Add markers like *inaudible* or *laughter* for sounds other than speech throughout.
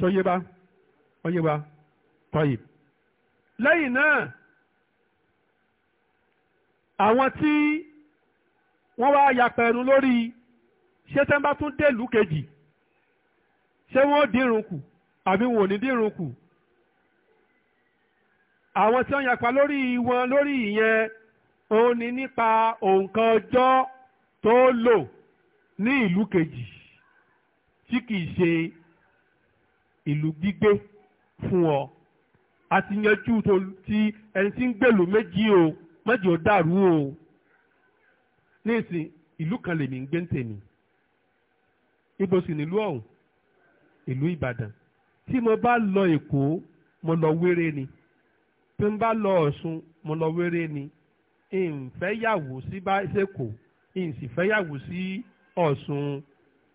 sọyé bá ọyé bá tọyì. lẹ́yìn náà àwọn tí wọ́n wá yàpẹ̀rù lórí ṣé tẹ́ ń bá tún dèlú kejì ṣé wọ́n dírun kù àbí wọn ò ní dírun kù àwọn tí wọ́n yàpá lórí wọn lórí ìyẹn òun ni nípa òǹkan ọjọ́ tó lò ní ìlú kejì tí kìí ṣe ìlú gbígbé fún ọ a ti yanjú ti ẹni tí ń gbèlú méjì o méjì ó dàrú o ní ìsìn ìlú kan lèmi ń gbé ń tèmi ibo sì nílùú ọ̀hún ìlú Ìbàdàn tí mo bá lọ Èkó mo lọ wéré ni tí mo bá lọ Ọ̀ṣun mo lọ wéré ni ìǹfẹ́ yàwó sí bá ṣèkò ìǹsìfẹ́ yàwó sí Ọ̀ṣun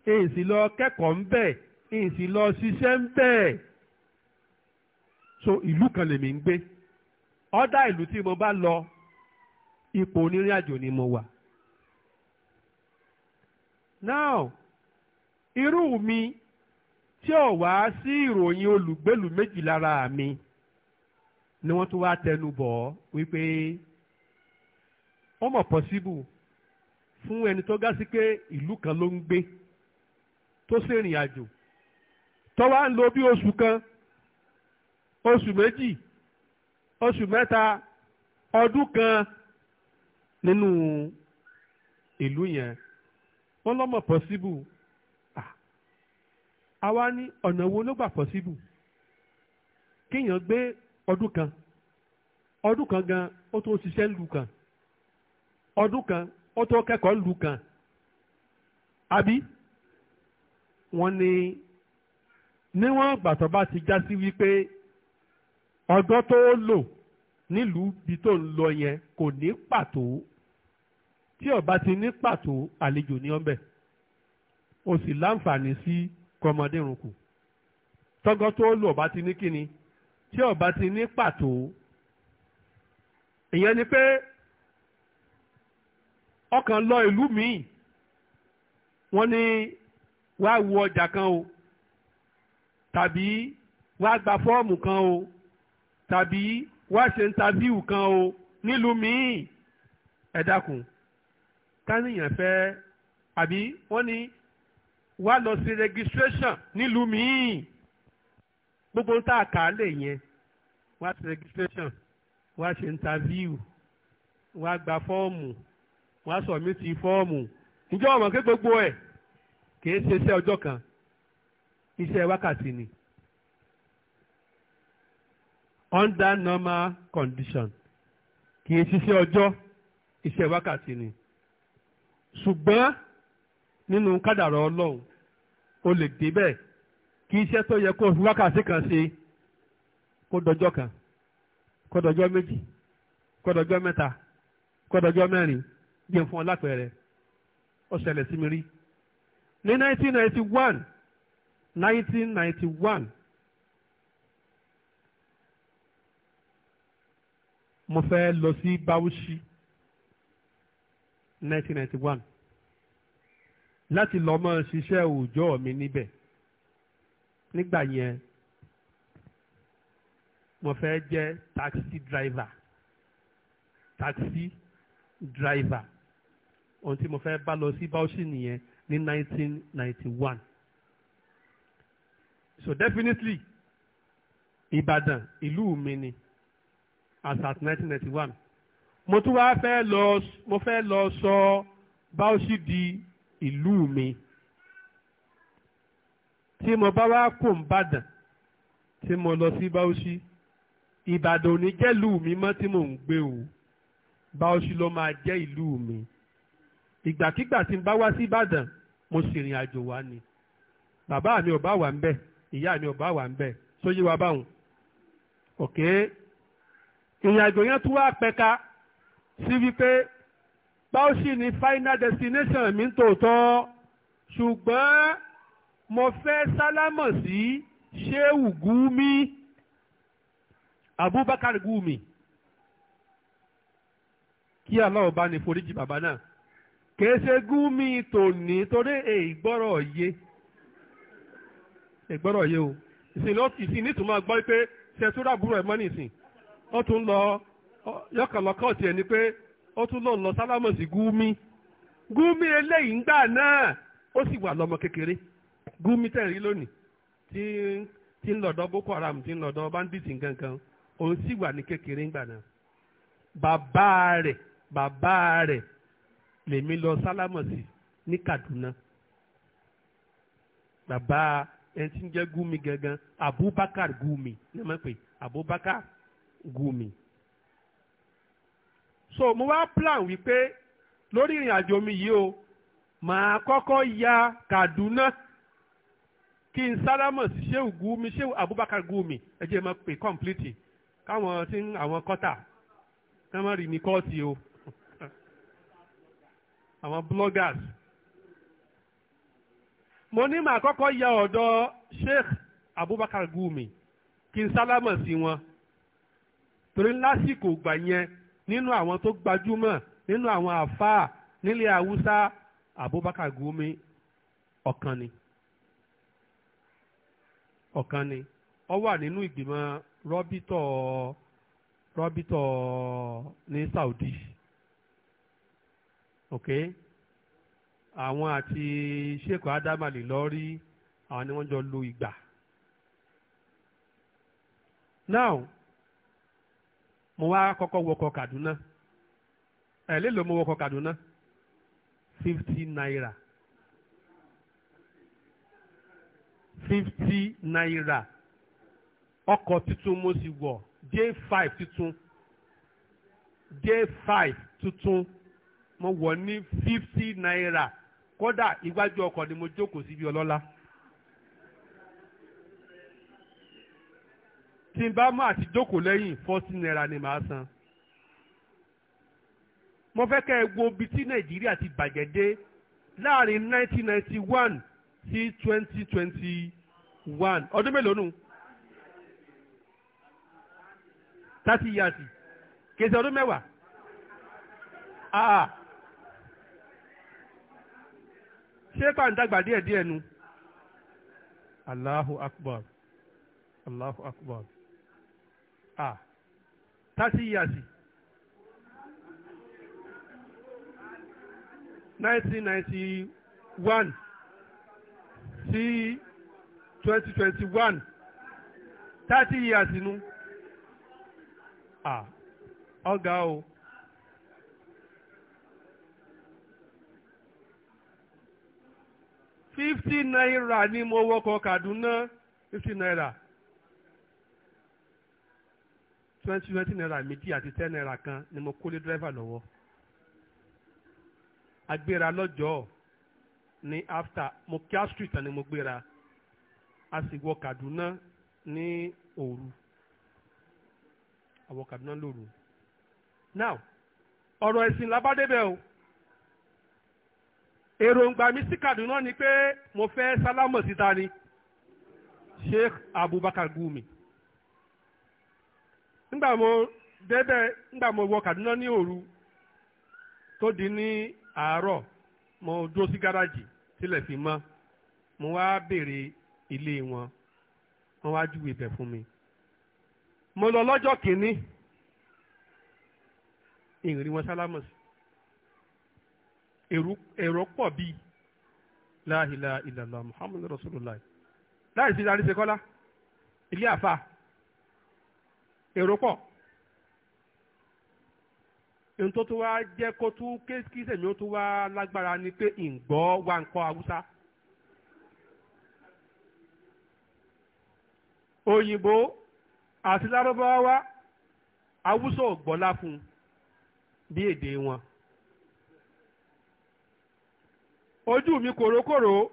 èsì lọ kẹ́kọ̀ọ́ ń bẹ̀ ìsì lọ ṣiṣẹ́ ń bẹ́ẹ̀ so ìlú kan lèmi ń gbé ọ̀dà ìlú tí mo bá lọ ipò onírìn àjò ni mo wà now irú mi tí ò wá sí ìròyìn olùgbèlú méjì lára mi ni wọ́n tún wá tẹnu bọ̀ ọ́ wípé ó mọ̀ pọ́síbù fún ẹni tó gá sí pé ìlú kan ló ń gbé tó ṣèrìn àjò tó wá ń lò bí oṣù kan oṣù méjì oṣù mẹ́ta ọdún kan nínú ìlú yẹn wọ́n lọ́mọ pọ́síbù àwa ní ọ̀nà wo ló gbà pọ́síbù kéèyàn gbé ọdún kan ọdún kan gan ó tó ṣiṣẹ́ ń lu kan ọdún kan ó tó kẹ́kọ̀ọ́ ń lu kan àbí wọ́n ní níwọ̀n ìgbà tó bá ti já sí wípé ọdún tó lò nílùú ibi tó ń lọ yẹn kò ní pàtó tí ó bá ti ní pàtó àlejò ní ọbẹ̀ o sì láǹfààní sí kọmọdérùnkù tọ́gọ́ tó lò ó ti ní kíni tí ó ti ní pàtó ìyẹn ni pé ọkàn lọ ìlú míì wọ́n ní wàá wo ọjà kan o tàbí wá gba fọ́ọ̀mù kan o tàbí wá ṣe ńtàfíù kan o nílùú míì ẹ dákun káníyàn fẹ́ àbí wọ́n ní wá lọ sí registration nílùú míì gbogbo tá a kà á lè yẹn wá sí registration wá ṣe ńtàfíù wá gba fọ́ọ̀mù wá sọ̀mí ti fọ́ọ̀mù ǹjẹ́ ọmọ kí gbogbo ẹ̀ kì í ṣe iṣẹ́ ọjọ́ kan iṣẹ́ wákàtí ni under normal condition kì í ṣiṣẹ́ ọjọ́ iṣẹ́ wákàtí ni ṣùgbọ́n nínú kádàrá ọlọ́run o lè débẹ̀ kí iṣẹ́ tó yẹ kó wákàtí kan ṣe kó dọjọ́ kan kó dọjọ́ méjì kó dọjọ́ mẹ́ta kó dọjọ́ mẹ́rin fún ọ lápẹẹrẹ ó ṣẹlẹ̀ sí mi rí ní 1991 mo fẹ́ lọ sí Bauchi 1991 láti lọ mọ́ ṣiṣẹ́ òòjọ́ mi níbẹ̀ nígbà yẹn mo fẹ́ jẹ́ taxi driver taxi driver ohun tí mo fẹ́ bá lọ sí Bauchi nìyẹn ní 1991 so definitely Ìbàdàn ìlú mi ni as at nineteen ninety one mo tún wá fẹ́ lọ mo fẹ́ lọ sọ bá di ìlú mi tí mo bá wá kó Ìbàdàn tí mo lọ sí bá ó sì Ìbàdàn ò ní jẹ́ ìlú mi mọ́ tí mò ń gbé o bá ó máa jẹ́ ìlú mi ìgbàkigbà tí n bá wá sí Ìbàdàn mo sì rìn àjò wá ni bàbá mi ò bá wà ń bẹ́ẹ̀ ìyá mi ò bá wà ń bẹ̀ sóyí wa báwọn òkè ìrìn àjò yẹn tún wá pẹ̀ka sí wípé báwo ni final destination mi ń tòótọ́ ṣùgbọ́n mo fẹ́ sálámọ̀ sí ṣéwù gúmi abubakar gúmi kí aláwọ̀ bá ní foríjì bàbá náà kèése gúmi tòní torí èyí gbọ́rọ̀ yé. ẹ̀gbọ́rọ̀ yé o ìsìn ní tùmọ̀ gbọ́ pé ṣẹ̀túrà búrọ̀ ẹ̀ mọ́ nìsín ó tún lọ yọkànlọ́kọ̀ tiẹ̀ ni pé ó tún lọ lọ sálámọ̀ gúmi gúmi eléyìí ńgbà náà ó sì wà kékeré gúmi tẹ̀rí lónìí tí boko haram tí ń lọ́dọ̀ gangan òun sì wà ní kékeré ńgbà náà bàbá rẹ̀ bàbá rẹ̀ lèmi lọ ní Kaduna ẹni tí ń jẹ́ Gumi gangan Abubakar Gumi ní ma pè Abubakar Gumi. so mo wá plan wípé lórí ìrìn àjò mi yìí o màá kọ́kọ́ ya Kaduna kí n sálámọ̀ sí Shehu Gumi Shehu Abubakar Gumi ẹ jẹ́ ma pè complete káwọn tí àwọn kọ́tà ká má rí mi kọ́ọ̀tì o *laughs* àwọn bloggers mo ní màá kọ́kọ́ ya ọ̀dọ̀ Sheikh Abubakar Gumi kí n sálámọ̀ sí wọn torí lásìkò gbà yẹn nínú àwọn tó gbajúmọ̀ nínú àwọn àfáà nílẹ̀ Haúsá Abubakar Gumi ọ̀kan ni ọ̀kan ni ó wà nínú ìgbìmọ̀ rọ́bítọ̀ rọ́bítọ̀ ní Saudi okay àwọn àti sheikh adamali lọ́rí àwọn ni wọ́n jọ lo ìgbà now mo wá kọ́kọ́ wọkọ̀ Kaduna ẹ̀ lélo mo wọkọ̀ Kaduna fifty naira fifty naira ọkọ̀ tuntun mo sì wọ̀ Day five tuntun Day five tuntun mo wọ̀ ní fifty naira kódà iwájú ọkọ̀ ni mo jókòó síbi ọlọ́lá. tí n bá mọ àti jókòó lẹ́yìn fọ́tí náírà ni màá san. mo fẹ́ kẹ́ ẹ wo ibi tí nàìjíríà ti bàjẹ́ dé láàrin 1991 sí 2021 ọdún mélòó nù thirty years kèsì ọdún mẹ́wàá. Ah, ah. ṣé pa ń dàgbà díẹ̀ díẹ̀ nu Allahu Akbar Allahu Akbar ah thirty years nineteen sí years o. fifty naira ni mo wọkọ̀ Kaduna fifty naira twenty twenty naira méjì àti ten naira kan ni mo kólé dírẹ́fà lọ́wọ́ agbéra lọ́jọ́ ni after mo mokia street ni mo gbéra a sì wọ Kaduna ní òru àwọ Kaduna lóru now ọ̀rọ̀ ẹ̀sìn labádébẹ̀ o èròǹgbà mi sí Kaduna ni pé mo fẹ́ sálámọ̀ síta ni Sheikh Abubakar Gumi nígbà mo débẹ̀ nígbà mo wọ Kaduna ní òru tó di ní àárọ̀ mo dúró sí gáràjì tilẹ̀ fi mọ́ mo wá béèrè ilé wọn wọ́n wá júwe ibẹ̀ fún mi mo lọ lọ́jọ́ kìíní ìrìn wọn sálámọ̀ sí èrò pọ̀ bíi láhìlá muhammadu rasulullah láì sí ìdarí sekọ́lá ilé àfa èrò pọ̀ ohun tó wá jẹ́ kó tún kí ó tún wá lágbára ni pé wa ń kọ́ haúsá. òyìnbó àti lárúbáwá wọn. ojú mi kòrókòró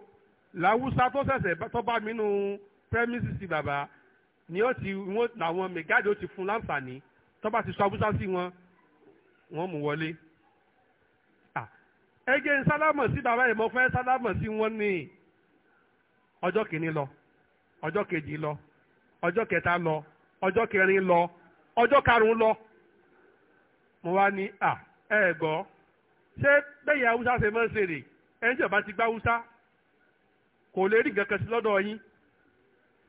làwùsá tó ṣẹ̀ṣẹ̀ tó bá mi nù bàbá ni ó ti wọn làwọn mẹ̀gáàdì ó ti fún láǹfààní tó bá ti sọ awúsá sí wọn wọn mú wọlé. ẹgẹ́ ń sálámọ̀ sí bàbá ìmọ̀ fẹ́ si wọn ní ọjọ́ kìíní lọ ọjọ́ kejì lọ ọjọ́ kẹta lọ ọjọ́ kẹrin lọ ọjọ́ karùn lọ. mo wá ní ẹ gbọ́ ṣé bẹ́ẹ̀ yà ṣe máa ń ẹni tí ọba ti gbá húsá kò lè rí nǹkan kan sí lọ́dọ̀ yín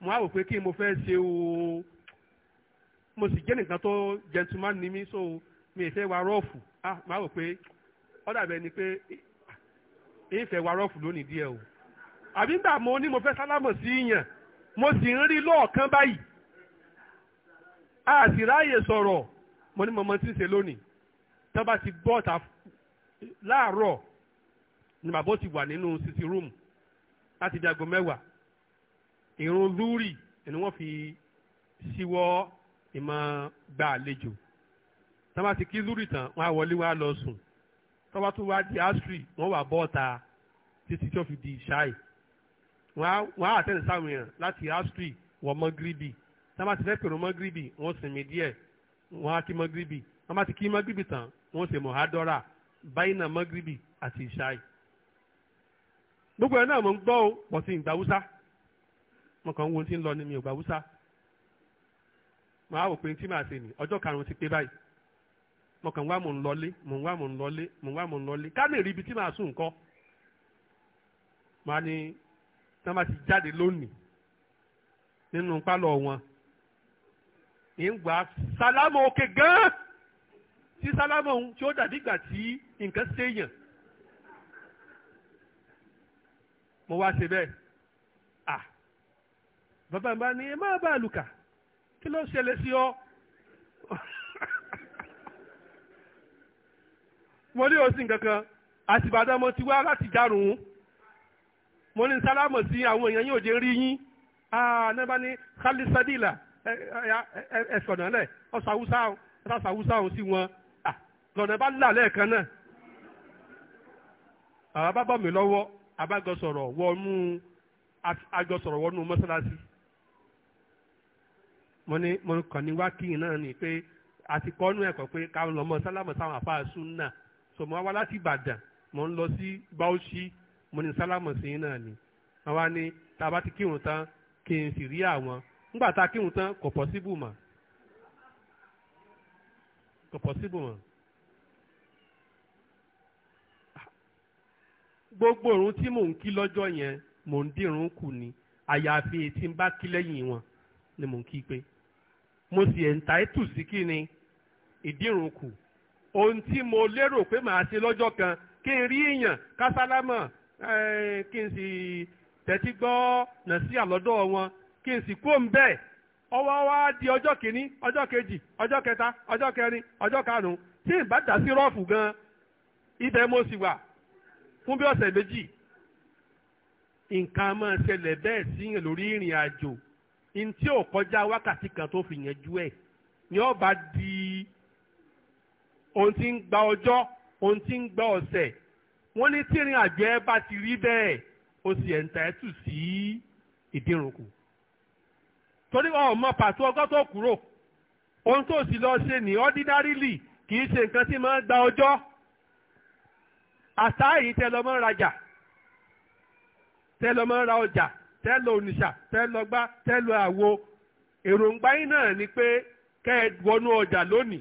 mo á wò pé kí mo fẹ́ ṣe o mo sì jẹ́ nìkan tó gentleman ni mí so mi ì fẹ́ wa rọ́ọ̀fù ah mo á wò pé ni pé èyí fẹ́ wa rọ́ọ̀fù lónìí díẹ̀ o àbí ń mo ní mo fẹ́ sálámọ̀ sí yàn mo sì ń rí lọ́ọ̀kan báyìí a sì ráàyè sọ̀rọ̀ mo ní mọ̀mọ́ tí ń ṣe lónìí tó ti bọ́ ọ̀tà láàárọ̀ ni bàbá ó ti wà nínú sisi rúùmù láti di aago mẹ́wàá ìrun lúrì ni wọ́n fi síwọ́ ìmọ̀ gba àlejò tá bá ti kí lúrì tán wọ́n á wọlé wá lọ sùn tó bá tún wá di asiri wọ́n wà bọ́ọ̀ta títí tó fi di ṣáì wọ́n á àtẹ̀lé sáwọn èèyàn láti asiri wọ mọ́gíríbì tá ti fẹ́ pèrò mọ́gíríbì wọ́n sinmi díẹ̀ wọ́n á kí mọ́gíríbì tá ti kí mọ́gíríbì tán wọ́n ṣe mọ̀hádọ́rà báyìí gbogbo ẹ̀ náà mo ń gbọ́ o pọ̀ sí ìgbà haúsá mo kàn ń wo ti ń lọ ni mi ò gbà haúsá màá wò pé tí màá ṣe nì ọjọ́ karùn-ún ti pé báyìí mo kàn ń wá mò ń lọlé mò ń wá mò ń lọlé mò ń wá mò ń lọlé ká lè rí ibi tí màá sùn kọ́ màá ní tí wọ́n ti jáde lónìí nínú pálọ̀ wọn ìgbà sálámù òkè gan-an tí sálámù ohun tí ó dàbí ìgbà tí nǹkan ṣèyàn mo wá ṣe bẹ́ẹ̀ à bàbá mi bá ní ẹ má bàa lùkà kí ló ṣẹlẹ̀ sí ọ. *laughs* mo ní òsín kankan àtìbàdàn mo ti wá láti dárùn mo ní sálámọ̀ sí àwọn èèyàn yóò jẹ́ rí yín náà bá ní khalisadila ẹ̀sọ̀nà lẹ̀ ọ̀sàwùsà ọ̀sàwùsà ọ̀hún sí wọn lọ́nà bá là lẹ́ẹ̀kan náà àwọn bọ̀ mí lọ́wọ́ Abagosoro wọnú àjọsọ̀rọ̀ wọnú mọ́sálásí mo ní mo kàn ní wákìí náà ni pé àti kọ́nú ẹ̀kọ́ pé káwọn lọ́mọ sálámù sáwọn àfáà súnà so mo wá láti Ìbàdàn mo ń lọ sí Bauchi mo ní sálámù sí náà ni wọ́n wá ní tá a bá ti kírun tán kí n sì rí àwọn nígbà tá a kírun tán kò pọ̀ síbù mọ́ kò gbogbo òrùn tí mò ń kí lọ́jọ́ yẹn mò ń dìrún kù ni àyàfi tí n bá kí lẹ́yìn wọn ni mò ń kí pé mo sì ẹ̀ ń ta ètù sí kí ni ìdírun kù ohun tí mo lérò pé màá ṣe lọ́jọ́ kan kí n rí èèyàn kásálámọ̀ eh, kí n sì tẹ́tí gbọ́ nàṣíà lọ́dọ̀ wọn kí n sì kó ń bẹ́ẹ̀ ọwọ́ wa di ọjọ́ kìíní ọjọ́ kejì ọjọ́ kẹta ọjọ́ kẹrin ọjọ́ karùn-ún tí n dà sí rọ́ọ̀fù gan ibẹ̀ mo sì wà fún bí ọ̀sẹ̀ méjì nǹkan máa ṣẹlẹ̀ bẹ́ẹ̀ síyàn lórí ìrìn àjò ní tí ò kọjá wákàtí kan tó fi yanjú ẹ̀ ni ó bá di ohun tí ń gba ọjọ́ ohun tí ń gba ọ̀sẹ̀ wọ́n ní tí ìrìn àjò ẹ bá ti rí bẹ́ẹ̀ ó sì ẹ̀ǹtà ẹ̀ tù sí ìdírùnkù torí ọmọ pàtó ọgọ́ tó kúrò ohun tó sì lọ ṣe ní ordinarily kì í ṣe nǹkan tí máa ń gba ọjọ́ àsáàyí tẹ lọ mọ́ rajà tẹ lọ mọ́ ra ọjà tẹ lọ ònìṣà tẹ lọ gbá tẹ lọ àwo èròǹgbà yín náà ni pé kẹ ẹ wọnú ọjà lónìí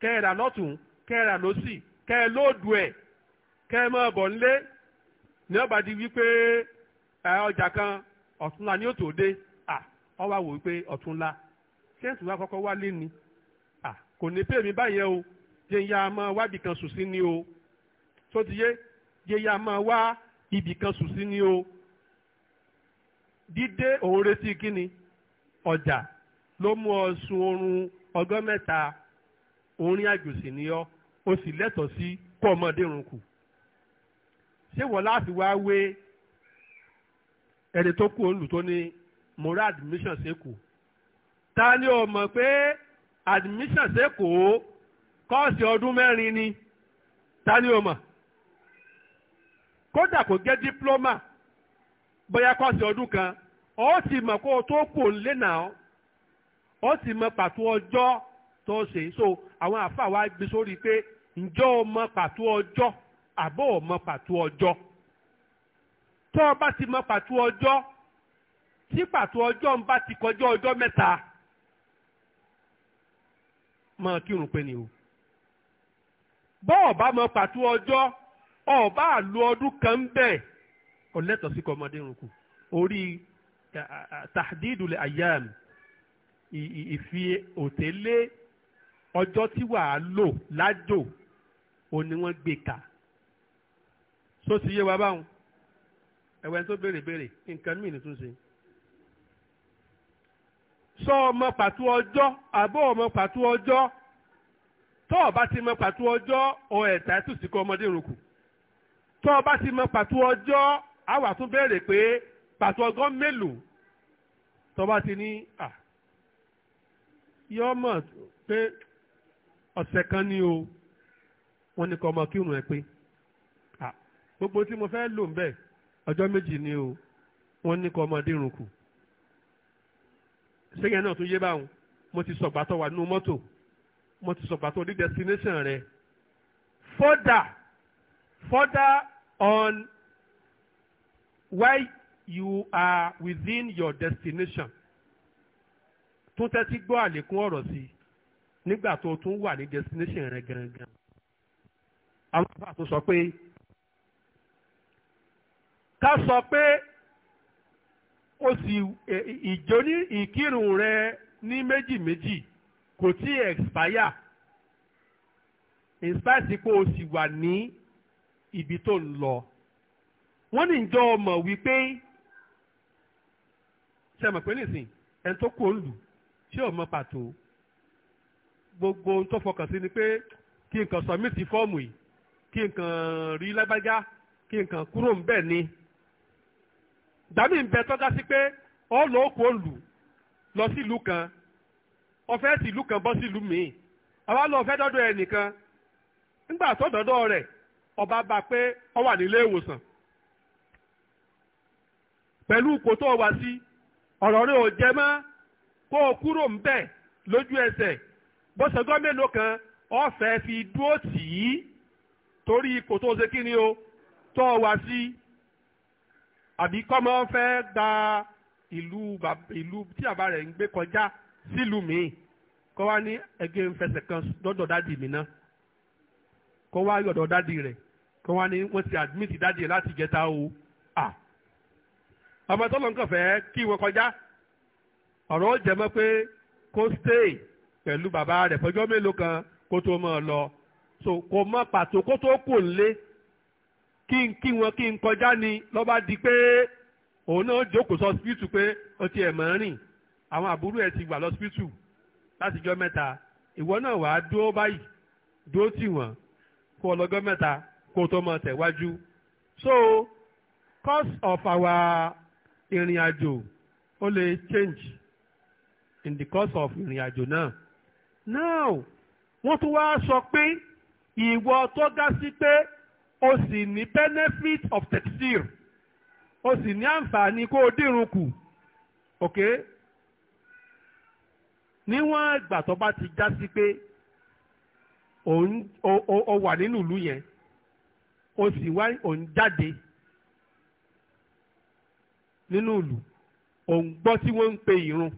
kẹ ẹ rà lọ́tún kẹ ẹ rà lọ́sì kẹ ẹ lóòdù ẹ kẹ ẹ máa bọ̀ nílé ní ọba di wípé ọjà kan ọ̀túnla ni ó tó dé ọ wá wò wípé ọ̀túnla ṣẹ́ǹtì wa kọ́kọ́ wálé ni kò ní pè mí báyẹn o jẹ́ ìyá máa wábì kan sùn sí ni o tó ti yé yẹya máa wá ibì kan sùn sí ni o dídé òun retí kíni ọjà ló mú ọ sun oorun ọgọ́ mẹ́ta orin àjòsí ni ọ o sì lẹ́tọ̀ọ́ sí kó ọmọdé run kù ṣé wọ́n láti wá wé ẹni tó kú olù tó ní moral admission sẹ́kù ta ni o mọ̀ pé admission sẹ́kù kọ́ọ̀sì ọdún mẹ́rin ni ta ni o mọ̀. kódà kò jẹ́ dípúlọ́mà bóyá kọ́ọ̀sì ọdún kan ọ ti mọ̀ kó o tó kò lé ti mọ̀ pàtó ọjọ́ tó ṣe so àwọn wa gbé sórí pé ǹjọ́ o mọ̀ pàtó ọjọ́ àbọ̀ ò mọ̀ pàtó ọjọ́ tó o bá ti mọ̀ pàtó ọjọ́ tí pàtó ọjọ́ ń bá ti ọjọ́ mẹ́ta kírun o bọ́ọ̀ bá mọ̀ pàtó ọba àlù ọdún kan bẹ́ẹ̀ ọ̀lẹ́tọ̀ sí kọ́mọdé rúkú orí tahdidu le ayam ìfi òtélé ọjọ́ tí wàá lò lájò òní wọ́n gbé ka so ti yé wa báwọn ẹ̀wẹ̀ tó béèrè béèrè nǹkan mìíràn tún ṣe. sọ ọmọ pàtó ọjọ́ àbọ̀ ọmọ pàtó ọjọ́ tọ́ ọba ti mọ pàtó ọjọ́ ọ ẹ̀ta ẹ̀ sí kọ́ ọmọdé rúkú tó o bá ti mọ pàtó ọjọ́ a wá tún béèrè pé pàtó ọgọ́ mélòó tó o bá ti ní à yọ mọ̀ pé ọ̀sẹ̀ kan ni o wọ́n ní kọ́ ọmọ kírun ẹ pé à gbogbo tí mo fẹ́ lò ń bẹ̀ ọjọ́ méjì ni o wọ́n ní kọ́ ọmọdé irun kù sẹ́yìn náà tún yé báwọn mo ti sọ̀gbà tó wà nínú mọ́tò mo ti sọ̀gbà tó ní destination rẹ̀ fọ́dà fọ́dà on why you are within your destination tún tẹ́tí gbọ́ àlékún ọ̀rọ̀ sí i nígbà tó tún wà ní destination rẹ gangan àwọn àbá tó sọ pé ká sọ pé ó sì e, ìjó ìkírun rẹ ní méjì méjì kò tí ì expire in spite pé o sì wà ní ibi tó ń lọ wọ́n ní ìjọ ọmọ wípé ṣe mọ̀ pé nìsín ẹni tó kú olù ṣé ò mọ pàtó gbogbo ohun tó fọkàn sí ni pé kí nǹkan sọmítì fọ́ọ̀mù yìí kí nǹkan rí lágbájá kí nǹkan kúrò ń bẹ̀ ni dàmí ń bẹ tọ́ka sí pé ọ lọ́ọ́ kú olù lọ sílùú kan ọfẹ́ sílùú kan bọ́ sílùú míì àwa lọ fẹ́ dọ́dọ̀ ẹnìkan nígbà tó dọ́dọ̀ rẹ̀ ọba bá pé ọ wà nílé ìwòsàn pẹ̀lú ipò tó wà sí ọ̀rọ̀ rẹ̀ ò jẹ mọ́ kó o kúrò ń bẹ̀ lójú ẹsẹ̀ bọ́sẹ̀gọ́ mélòó kan ọ̀fẹ́ fi dúró tì í torí ipò tó ṣe kí ni o tó wà sí àbí kọ́mọ fẹ́ gba ìlú ìlú tí àbá rẹ̀ ń gbé kọjá sílùú míì kọ́ wá ní ẹgbẹ́ ń fẹsẹ̀ kan lọ́dọ̀ dádì mi náà kọ́ wá yọ̀dọ̀ dádì rẹ̀ kí wọ́n ní wọ́n ti admit dáàdì ẹ̀ láti jẹta o à ọmọ tó lọ́nkàn fẹ́ kí wọ́n kọjá ọ̀rọ̀ ó jẹ́ mọ́ pé kó stay pẹ̀lú bàbá rẹ̀ fọjọ́ mélòó kan kó tó mọ̀ lọ so kò mọ pàtó kó tó kò lé kí n kí wọn kí n kọjá ni lọ́ba di pé òun náà jókòó sọ sípítù pé ó ti ẹ̀ mọ̀ ń rìn àwọn àbúrò ẹ̀ ti gbà lọ sípítù látijọ́ mẹ́ta ìwọ náà wàá dúró báyìí dúró tì wọ́n kó ọlọ́gọ́ mẹ́ta kó tó máa tẹ̀wájú. so cause of our ìrìn àjò ó lè change in the course of ìrìn àjò náà. now wọ́n tún wá sọ pé ìwọ tó dá sí pé o sì ní benefit of textile o sì ní àǹfààní kó o dírun kù ok níwọ̀n ìgbà tó bá ti já sí pé o wà nínú ìlú yẹn o sì wá òun jáde nínú ìlú òun gbọ́ tí wọ́n ń pe ìrun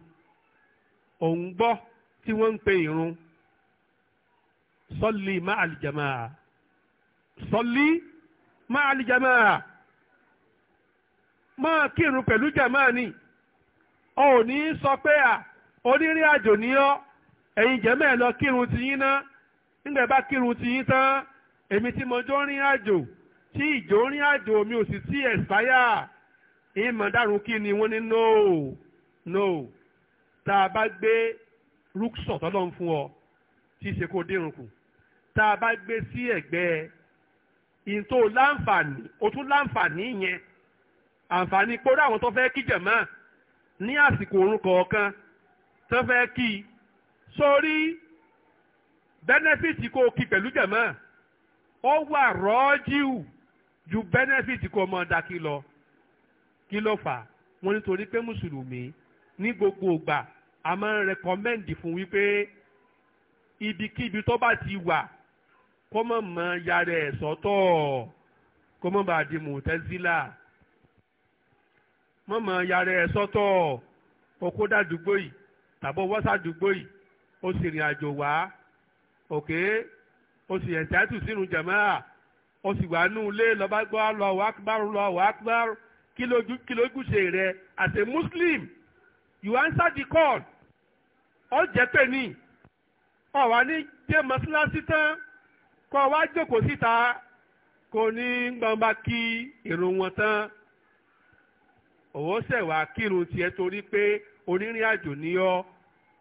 òun gbọ́ tí wọ́n ń pe ìrun sọ́lì má àlìjàmá sọ́lì má àlìjàmá máa kírun pẹ̀lú jàmáà ni ọ ò ní sọ pé à onírìn àjò ní ọ ẹ̀yin jàmáà lọ kírun tiyín ná nígbà bá kírun tiyín tán èmi tí mo jọ rìn àjò tí ìjọ rìn àjò mi ò sì tí ẹ̀sáyà ìmọ̀ dárun kí ni wọ́n ní no no tá a bá gbé rúksọ̀ tọ́lọ́ ń fún ọ tí ṣe kó dírun kù tá a bá gbé sí ẹ̀gbẹ́ ìtò láǹfààní o tún láǹfààní yẹn àǹfààní kóró àwọn tó fẹ́ kí jẹ̀mọ́ ní àsìkò òun kọ̀ọ̀kan tó fẹ́ kí sórí bẹ́nẹ́fìtì kó o kí pẹ̀lú jẹ̀mọ́ ó wà rọ́ọ́jìù ju benefit kò mọ̀ dàkí lọ kí ló fà wọ́n nítorí pé mùsùlùmí ní gbogbo ìgbà a máa ń rẹkọmẹ́ǹdì fún wípé ibikíbi tó bá ti wà kó mọ̀ mọ́ yàrá ẹ̀ sọ́tọ̀ kó mọ̀ bá di mùtẹ́sílà mọ̀ mọ́ yàrá ẹ̀ sọ́tọ̀ okó dàdúgbò yìí tàbí wọ́sàdúgbò yìí ó sì rìn àjò wá òkè. Okay? o sì ẹ̀ńtàtù sínú jàmáà o sì wà nù lé lọ́ba gbọ́ Allahu akbar Allahu akbar kí ló gùsè rẹ as a muslim you answer the call ọ jẹ́ pé ní ọ̀wá ní jẹ́ mọ́sálásí tán kọ́ wá jókòó síta kò ní gbọ̀nba kí irun wọn tán òwò ṣẹ̀wá kírun tiẹ̀ torí pé onírìn àjò ni ọ́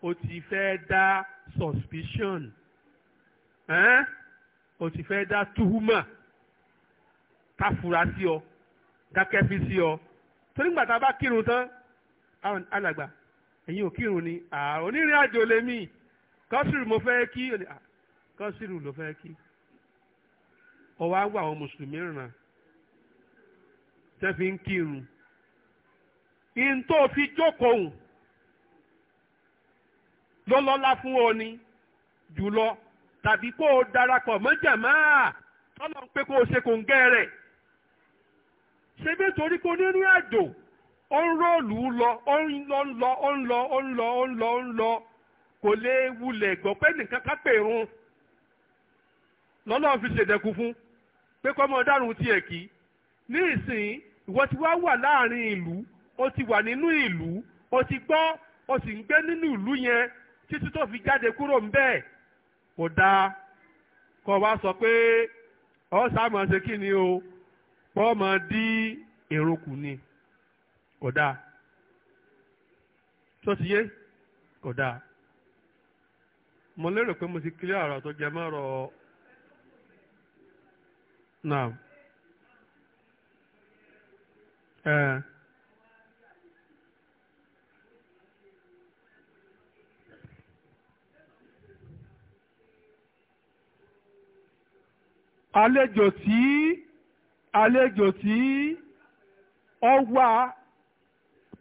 o ti fẹ́ dá suspicion. ẹ́n o ti fẹ́ tuhuma. Ka káfura sí ọ kákẹ́fí sí ọ torí gbàtà bá kírun tán alàgbà ẹ̀yin ò kírun ni onírìn àjò lèmi kọ́sìrì mo fẹ́ kí kọ́sìrì ló fẹ́ kí ọwọ́ á wà àwọn mùsùlùmí ràn tẹ́ fi ń kírun ìntò fi jókòó ló lọ́lá fún ọ ni jùlọ tàbí kó o darapọ̀ mọ́ jàmáà tọ́lọ̀ ń pé kó o ṣe kò ń gẹ́ rẹ̀ ṣe bí torí kó nínú àjò ó ń róòlù lọ ó ń lọ ń lọ ó ń lọ ó ń lọ ó ń lọ ó ń lọ kò lè wulẹ̀ gbọ́ pé nìkan ká pè run lọ́lọ́run fi ṣèdẹ́kun fún pé kọ́mọ dárun tiẹ̀ kí ní ìsìn ìwọ ti wá wà láàrin ìlú ó ti wà nínú ìlú ó ti gbọ́ ó sì ń gbé nínú ìlú yẹn títí tó fi jáde kúrò ń bẹ́ẹ̀ kò dáa kọ́ wa sọ pé ọ sàmọ̀ ṣe kí ni o pọ́ mọ dí èrò kù ni kò dáa tó ti yé kò dáa mo lérò pé mo ti kílé ọ̀rọ̀ tó jẹ mọ́rọ̀ náà. àlejò tí àlejò tí ọ wá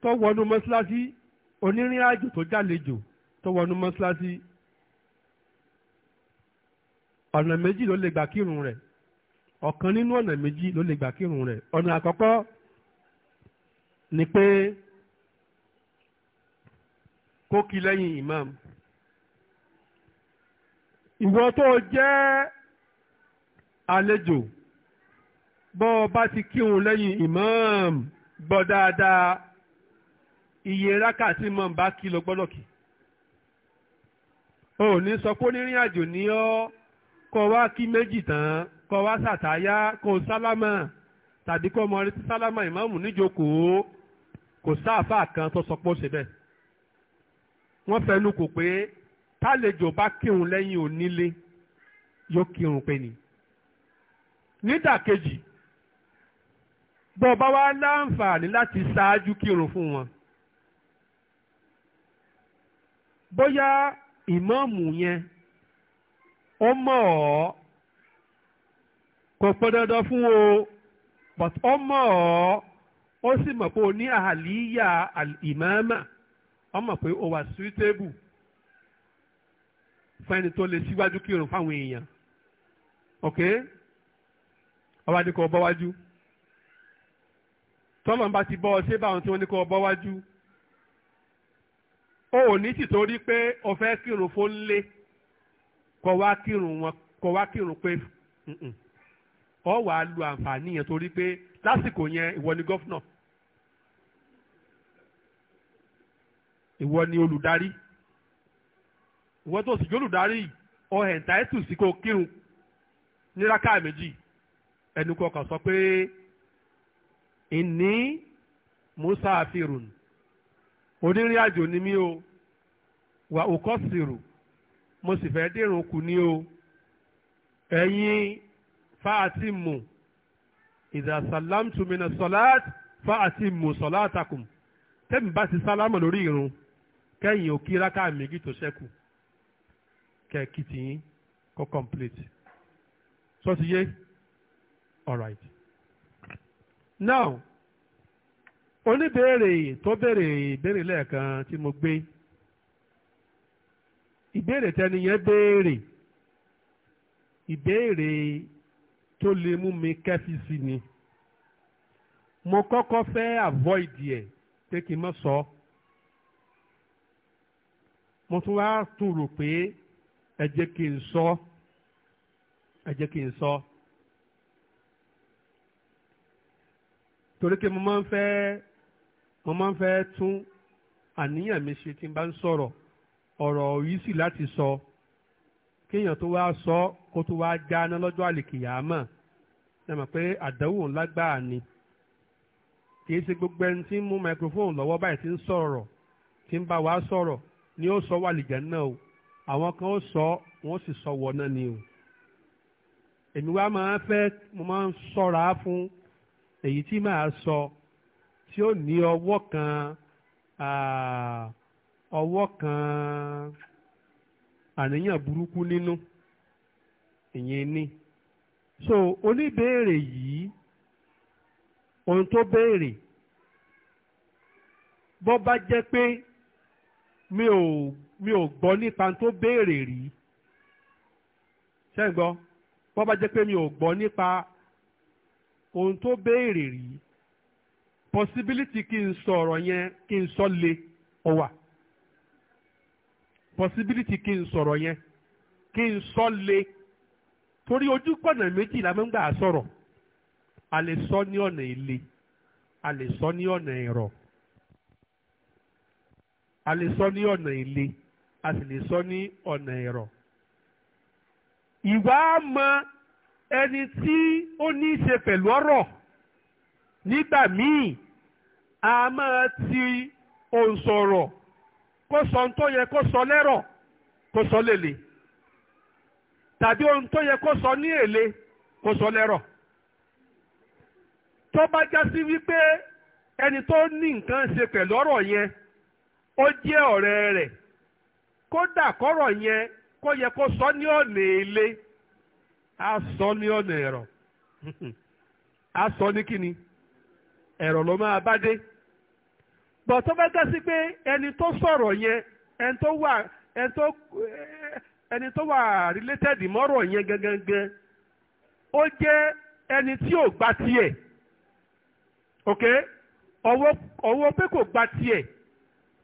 tó wọnú mọ́ṣáláṣí onírìn àjò tó jálejò tó wọnú mọ́ṣáláṣí ọ̀nà méjì ló lè gbà kírun rẹ̀ ọ̀kan nínú ọ̀nà méjì ló lè gbà kírun rẹ̀ ọ̀nà àkọ́kọ́ ni pé kó kí lẹ́yìn imam ìwọ tó jẹ́ àlejò bọ́ ọ bá ti kírun lẹ́yìn ìmáàmù gbọ́ dáadáa iye rákà tí mọ̀ ń bá kí lọ gbọ́dọ̀ kí. o ní sọ pé onírìn àjò ní ọ́ kọ́ wá kí méjì tán kọ́ wá sàtáyá kó sálámà tàbí kọ́ ọmọ retí sálámà ìmáàmù níjókòó kò sáàfà kan tó sọ pé ó ṣe bẹ́ẹ̀. wọ́n fẹnu kò pé tálejò bá kírun lẹ́yìn onílé yóò kírun pé ni nídàkejì bó o bá wá láǹfààní láti ṣáájú kírun fún wọn bóyá ìmáàmù yẹn ó mọ̀ ọ́ kò pọn dandan fún o but ó mọ̀ ọ́ ó sì mọ̀ pé o ní àhàlíyà ìmáàmà ó mọ̀ pé o wà suitable fún ẹni tó lè síwájú kírun fáwọn èèyàn okay. àwa ní kò bọ́ wájú tọ́lọ̀ bá ti bọ́ ọ ṣé báwọn tí wọ́n ní kò bọ́ wájú O ò ní sì torí pé o fẹ́ kírun fún lé kọ wá kírun wọn kọ wá kírun pé ọ wàá lu àǹfààní yẹn torí pé lásìkò yẹn ìwọ ni gọ́fúnà ìwọ ni olùdarí ìwọ tó sì olùdarí ọ ẹ̀ǹtáìtù sí kó kírun ní rákà méjì. ẹnu kọkàn sọ pé ìní musa àfihàn onírìn àjò ni mí o wà òkọ sírù mo sì fẹ́ dìrùn kù ní o ẹ̀yin fáàtì mù ìdàsálàmtùmínà sọláàtì fáàtì mù sọláàtàkùn tẹ́mi bá ti sálámà lórí irun kẹ́yìn ò kí rákà méjì tó ṣẹ́kù kẹ́ẹ̀kì tìyín kó complete sọ́tìyé. So, all right now oníbèrè tó bèrè ìbéèrè lẹ́ẹ̀kan tí mo gbé ìbéèrè tẹni yẹn béèrè ìbéèrè tó lè mi mo kọ́kọ́ fẹ́ avoid ẹ̀ pé kí n mo tún wá tún rò pé ẹ So. torí pé mo máa ń fẹ́ mo máa ń fẹ́ tún àníyàn mi ṣe tí n bá ń sọ̀rọ̀ ọ̀rọ̀ yìí sì láti sọ kéèyàn tó wá sọ kó tó wá jáná lọ́jọ́ àlìkìyàmọ̀ ẹ mọ̀ pé àdánwò ńlá gbáà ni kìí ṣe gbogbo ẹni tí ń mú microphone lọ́wọ́ báyìí tí ń sọ̀rọ̀ tí ń bá wa sọ̀rọ̀ ni ó sọ wà náà o àwọn kan ó sọ wọ́n sì sọ wọ náà ni o èmi wá máa fẹ́ mo máa ń ṣọ́ra fún èyí tí màá sọ tí ó ní ọwọ́ kan ọwọ́ kan àníyàn burúkú nínú ìyẹn ni so oníbéèrè yìí ohun tó béèrè bọ́ bá jẹ́ pé mi ò mi ò gbọ́ nípa tó béèrè rí ṣé gbọ́ bọ́ bá jẹ́ pé mi ò gbọ́ nípa ohun tó béèrè rí possibility kí n sọ ọ̀rọ̀ yẹn kí n sọ le ó possibility kí n sọ̀rọ̀ yẹn kí n sọ le torí ojú pọ̀nà méjì la máa gbà sọ̀rọ̀ a lè sọ ní ọ̀nà èlé a lè sọ ní ọ̀nà ẹ̀rọ a lè sọ ní ọ̀nà èlé a sì lè sọ ní ọ̀nà ẹ̀rọ ìwà á ẹni tí ó ní í ṣe pẹ̀lú ọ̀rọ̀ nígbà míì a máa ti òǹsọ̀rọ̀ kó sọ ohun tó yẹ kó sọ lẹ́rọ̀ kó sọ lèlè tàbí ohun tó yẹ kó sọ ní èlé kó sọ lẹ́rọ̀ tó bá já sí wípé ẹni tó ní nǹkan ṣe sọ ní a ni ní ọ̀nà ẹ̀rọ a sọ ní kíni ẹ̀rọ ló máa bá dé bọ̀ tó bá gẹ́sí pé ẹni tó sọ̀rọ̀ yẹn ẹni tó wà ẹni tó ẹni tó wà related mọ́rọ̀ yẹn gangan ó jẹ́ ẹni tí ò gba tiẹ̀ ok ọwọ́ ọwọ́ pé kò gba tiẹ̀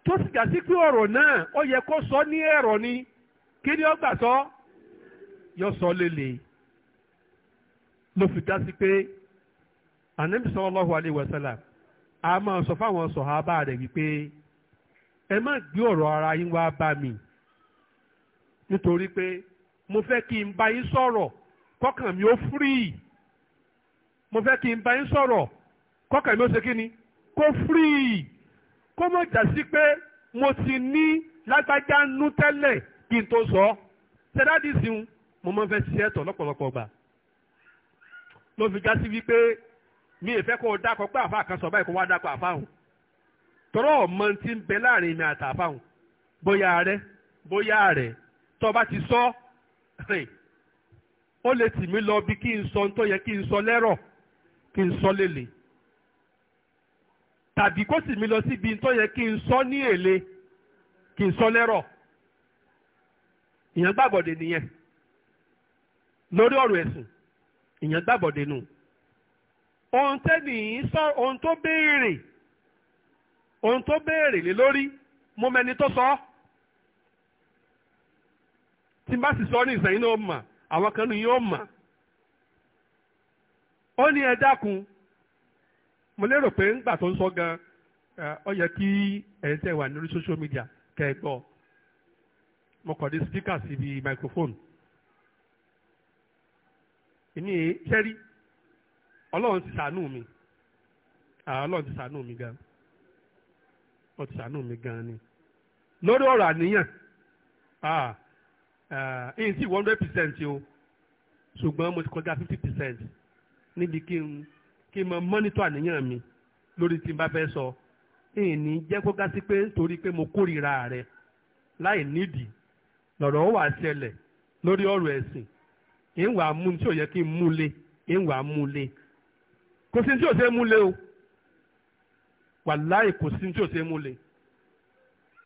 tó sì gasi sí pé ọ̀rọ̀ náà ó yẹ kó sọ ní ẹ̀rọ ni kí ni ó gbà sọ yọ sọ lélẹ̀ẹ́. ló fi dá sí pé ànábì sallallahu alaihi wasallam a máa sọ fáwọn sọ̀hábà rẹ̀ wípé ẹ má gbé ọ̀rọ̀ ara yín wá bá mi nítorí pé mo fẹ́ kí n bá yín sọ̀rọ̀ kọ́kàn mi ó fírì mo fẹ́ kí n bá yín sọ̀rọ̀ kọ́kàn mi ó ṣe kí ni kó fírì kó mọ̀ jà sí pé mo ti ní lágbájá nú tẹ́lẹ̀ kí n tó sọ ṣẹ́dá dì sí mo máa ń fẹ́ ṣiṣẹ́ tọ̀ lọ́pọ̀lọpọ̀ gbà ló fi já sí wípé mi ìfẹ́ kó o dákọ̀ pé àfa kan sọ báyìí kó wá dákọ̀ àfa hùn tọ́rọ̀ ọmọ ti ń bẹ láàrin mi àtàfa hùn bóyá rẹ bóyá rẹ tó o bá ti sọ ó lè tì mí lọ bí kí n sọ tó yẹ kí n sọ lẹ́rọ̀ kí n sọ lélẹ̀ tàbí kó sì mí lọ síbi tó yẹ kí n sọ ní èlé kí n sọ lẹ́rọ̀ ìyẹn gbàgbọ́dé nìyẹn lórí ọ̀rọ̀ ẹ̀sìn ìyẹn gbàbọ̀dé nù ohun tẹ́nìyí sọ ohun tó béèrè ohun tó béèrè lé lórí mo mẹni tó sọ tí n bá sì sọ ní ìsẹ̀yìn náà mà àwọn kan ní yóò mà ó ní ẹ dákun mo lérò pé ńgbà tó ń sọ gan ọ yẹ kí ẹ̀yin tẹ́ wà lórí social media kẹ́ ẹ gbọ́ mo kọ̀ dé speaker síbi microphone. èmi èé sẹ́rí ọlọ́run ti sànú mi ọlọ́run ti sànú mi gan ọ ti sànú mi gan ni lórí ọ̀rọ̀ àníyàn ẹ̀yìn sí one hundred percent o ṣùgbọ́n mo ti kọjá fifty percent níbi kí n kí n mọ mọ́nítọ̀ àníyàn mi lórí tí n bá fẹ́ sọ ẹ̀yìn ní jẹ́ kó gá sí pé nítorí pé mo kórìíra rẹ láì nídìí lọ́rọ̀ ó wà ṣẹlẹ̀ lórí ọ̀rọ̀ ẹ̀sìn ń wà á mú tí ò yẹ kí n mú lé ń wà á mú lé kò sí tí ò ṣe é mú lé o wàláì kò sí tí ò ṣe é mú lé.